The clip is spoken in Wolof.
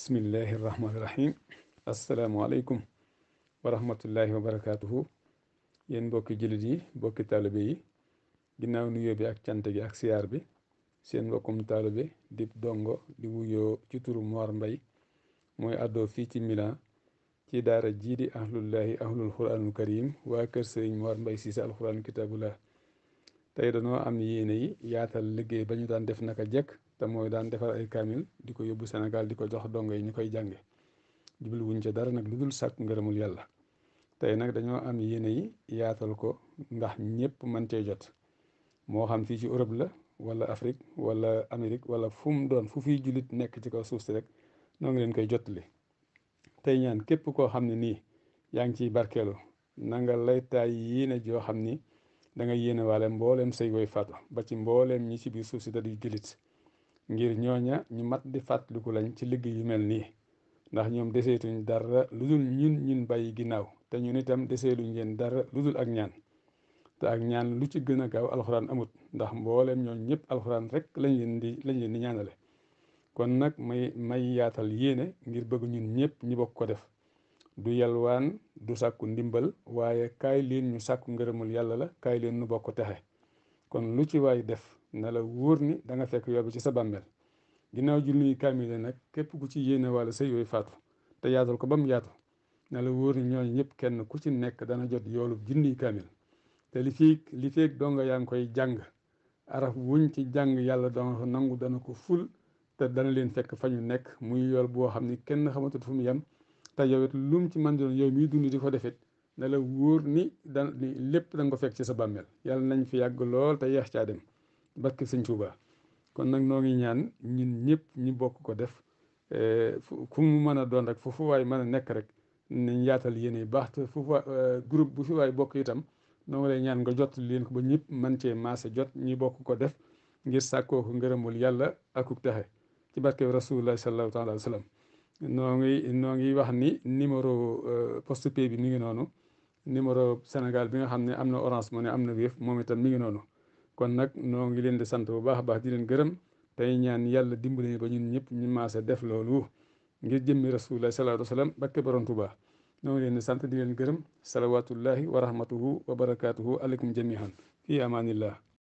bismillahi irrahmani irrahim asalaamualeykum wa rahmatullahi wa barakaatuhu yéen mbokki jullit yi mbokki taalibe yi ginnaaw nuyoo bi ak cant gi ak siyaar seen mbokkum taalibe di dongo di wuyoo ci turu Mbay mooy àddoo fii ci Milan ci daara jii di ahlullahi ahlul waa kër sëriñ Mor Mbay Siise alquran kitabullah tey dañoo am yéene yi yaatal liggéey ba ñu daan def nag a jekk te mooy daan defar ay kaamil di ko yóbbu Sénégal di ko jox dongo yi ñu koy jànge jublu wuñ ca dara nag lu dul sàkk ngërëmul yàlla tey nag dañoo am yéene yi yaatal ko ndax ñëpp mën cee jot moo xam fii ci Europe la wala Afrique wala Amérique wala fu doon fu fiy jullit nekk ci kaw suuf si rek noo ngi leen koy jottali tey ñaan képp koo xam ne nii yaa ngi ciy barkeelu nanga laytaay yéene joo xam ni da nga yéene waale mbooleem say yooy faatu ba ci mbooleem ñi ci biir suuf si da di jullit ngir ñooña ñu mat di fàttaliku lañ ci liggéey yu mel nii ndax ñoom deseetuñ dara lu dul ñun ñun bàyyi ginnaaw te ñun itam deseeluñ leen dara lu dul ak ñaan te ak ñaan lu ci gën a gaaw alxuraan amut ndax mbooleem ñooñ ñëpp alxuraan rek lañ leen di lañ leen di ñaanale kon nag may may yaatal yéene ngir bëgg ñun ñëpp ñu bokk ko def du yalwaan du sàkku ndimbal waaye kaay leen ñu sàkku ngërëmul yàlla la kaay leen nu bokk texe kon lu ci waay def na la wóor ni danga nga fekk yobbi ci sa bàmmeel ginnaaw julli kaamile nag képp ku ci yéene walla sa yooyu te yaatal ko ba mu yaatu na la wóor ni ñooñu ñëpp kenn ku ci nekk dana jot yoolu junniy kaamil te li fi li feeg donga yaa ngi koy jàng araf wuñ ci jàng yàlla dana ko nangu dana ko ful te dana leen fekk fa ñu nekk muy yool boo xam ni kenn xamatul fu mu yem te yow it lu mu ci mën di yow miy dund di ko defit ne la wóor ni da ni lépp da ko fekk ci sa bàmmeel yàlla nañ fi yàgg lool te yeex caa dem barke sëñ Tuubaa kon nag noo ngi ñaan ñun ñëpp ñu bokk ko def eh, ku mu mën a doon rek fu fu waay mën a nekk rek nañ yaatal yéene baax te fu fa eh, groupe bu fi waaye bokk itam noo ñaan nga jot leen ko ba ñëpp mën cee maase jot ñi bokk ko def ngir sàkkoo ko ngërëmul yàlla akuk texe ci barke rasulullah sallallahu taala wa sallam noo ngi noo ngi wax ni numéro euh, postepay bi mi ngi noonu numéro Sénégal bi nga xam ne am na Orange ne am na Wave moom itam mi ngi noonu kon nag noo ngi leen di sant bu baax a baax di leen gërëm tey ñaan yàlla dimbali ba ñun ñëpp ñu maase def loolu ngir jëmmi rasulullah salaatu wasalaam bakke borom Tuubaa noo ngi leen di sant di leen gërëm salawatullahi wa rahmatuhu wa barakatuhu aleykum jamihan fi amanillah